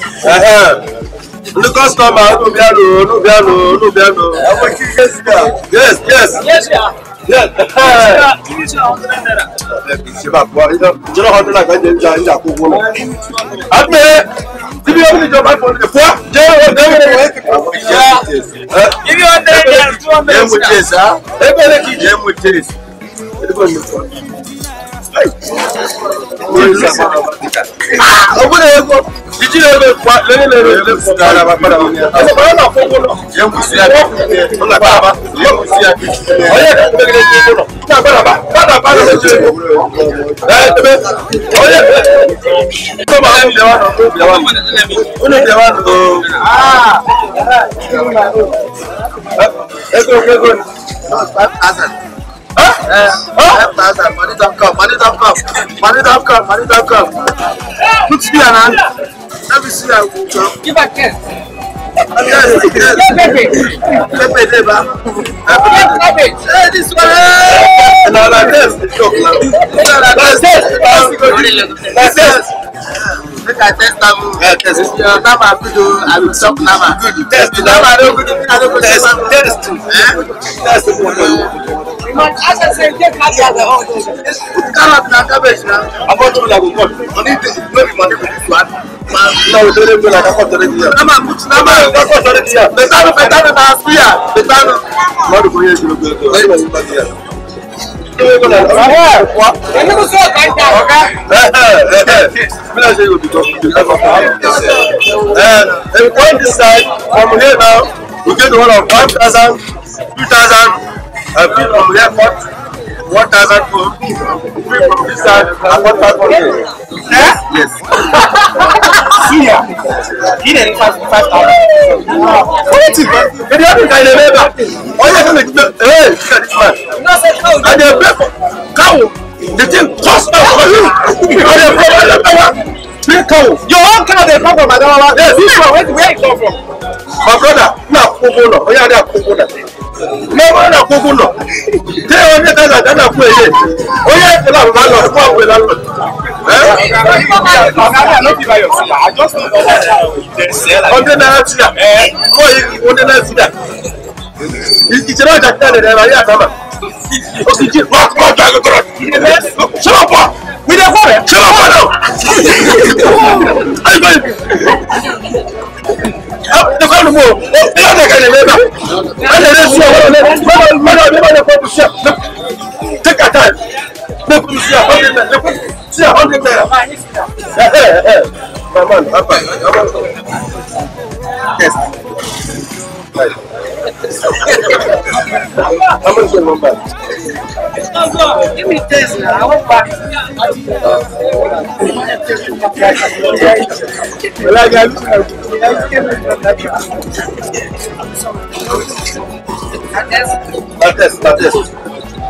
The customer, Olubiano, Olubiano, Olubiano. Yes, yes, yes. Yes, yeah. Yes. Give me only your five hundred. Four. Jẹ́ o jẹ́ o. Give me hundred and two hundred. Jẹ́ mo jẹ́ sá. Ẹ bẹ̀rẹ̀ kì í jẹ́ mo jẹ́. Ẹ bẹ̀rẹ̀ mi fọ́ ọgbọ́n ẹ̀ kọ́ jíjí lè lè fa lẹ́yìn lè lè lè fa. ọ̀sán bàbá náà fọwọ́ lọ. yẹ kù sí àgbẹ̀ ọ̀là bàbá yẹ kù sí àgbẹ̀ ọ̀yẹ́ kù gbẹ̀gẹ̀dẹ̀ tó kọ̀ náà bàbá bàbá bàbá lọ sí ẹ̀ ẹ̀ẹ́dẹ́gbẹ́ ọ̀yẹ́ kù. tó bá ń bẹ̀wá nù ó bẹ̀wá nù ó ní bẹ̀wá nù. ẹgbẹ́ òkè gbọ́dọ̀. Uh, thousand. Money don't come. Money don't come. Money don't come. Money don't come. Put me on, hand. Let me see how you talk. Give a kiss. Yes, yes. Yeah, baby. Baby, baby. Yes, baby. Hey, this one. Hey. No, like this. Look, look. Like this. Like this. Make I test that move. Yeah, test it. Your number good, I will stop number. Good. Test the number. Test, test. Test. Test. Test. But as I say, get out of the hall. It's carrot and cabbage now. I'm not sure I will come. I need to maybe money for this one. No, we don't go like a quarter of the year. I'm a good number of a quarter of the year. The time of the time of the last year. The time of the year. The time of the year. The time of the year. And when this side, from here now, we get one of 1,000, 2,000, a bit from airport, 1,000 from from this side, and 1,000 from eh? Yes. See He didn't pass 5,000. What is it? They don't think I remember. All you have to do is, hey, look at this man. And they pay cow, the thing cost out for you. And they pay for the power. Big cow. Your own come from Adamawa. Yes, this one, where, where it come from? My brother, oh, you are Kogo now. Oh, are Kogo now lọ́wọ́nà kúkú lọ tí ó ní kálá dáná fún èyí ó yẹ kí lọ fún àwọn ìlànà. ọdún náírà ti yà mọ yìí ọdún náírà ti yà ìjìnlẹ̀ ọjà tí a lè rẹ̀ ayé àtàmà ó sì jí wọ́n kọ́ ọjọ́ àgọ́gọ́rọ̀ ṣé wọ́n pọ̀ wíjẹ́ fọ́ rẹ̀ ṣé wọ́n pọ̀ náà ni mo ẹ ẹ ka ne bẹ ba ẹ na ne suya wala ne wala wala ne ba ne ko suya te ka taa ne ko suya aw de ne mama apa apa test. How much you want Give me this now. I want back. Well, I got Tates, tates.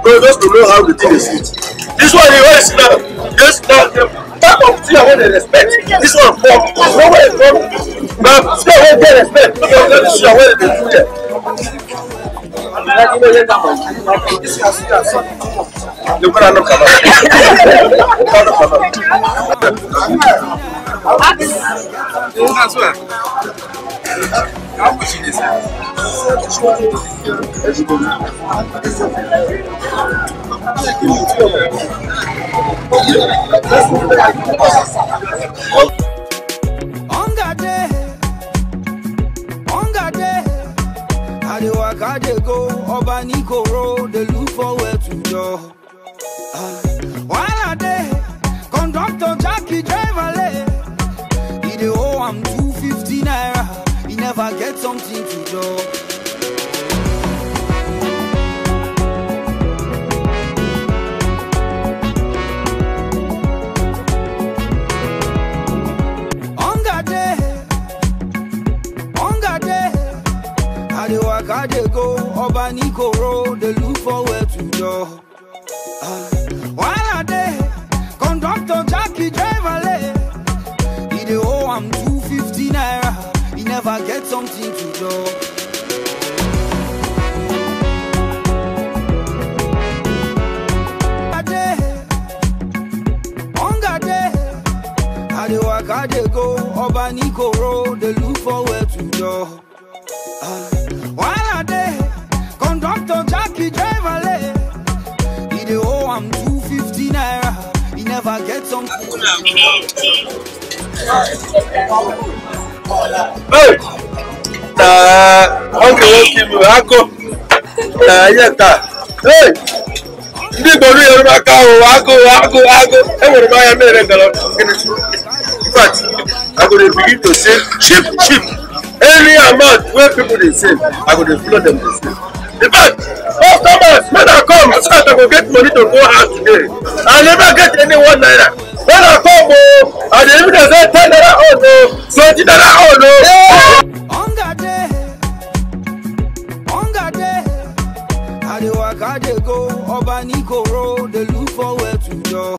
No, just to know how the thing is This one, you always now. Just now, type of tea I want to respect. This one, for nowhere from. Now, see, I want to respect. This one, I want to respect. Yo para no acabar. Thank you. ọba nikoro dey look forward to jọ. wahala dey conductor jackie driver lay e dey owe am two fifty naira He never get something to jọ. and Ikoro, they look forward to job. Uh, ah. one a day, conductor Jackie driver late. He dey owe I'm 250 naira. He never get something to do. dey waka dey go ọba ní Road, they look forward to job. Uh, ah. get some. Hey! Taa, wọ́n ti wọ́n kí mi wá kó. Taa yẹ ta. Hey! Ndị Igbo ri Yoruba ka ahụ agụ agụ agụ enwere m anya na-ere ngala in fact I go dey begin to save cheap cheap any amount wey people dey save I go dey follow them dey save in fact come so I go get money go house today. I never get any one naira. When I come home, oh, I dey even say ten naira old o, oh, twenty naira oh.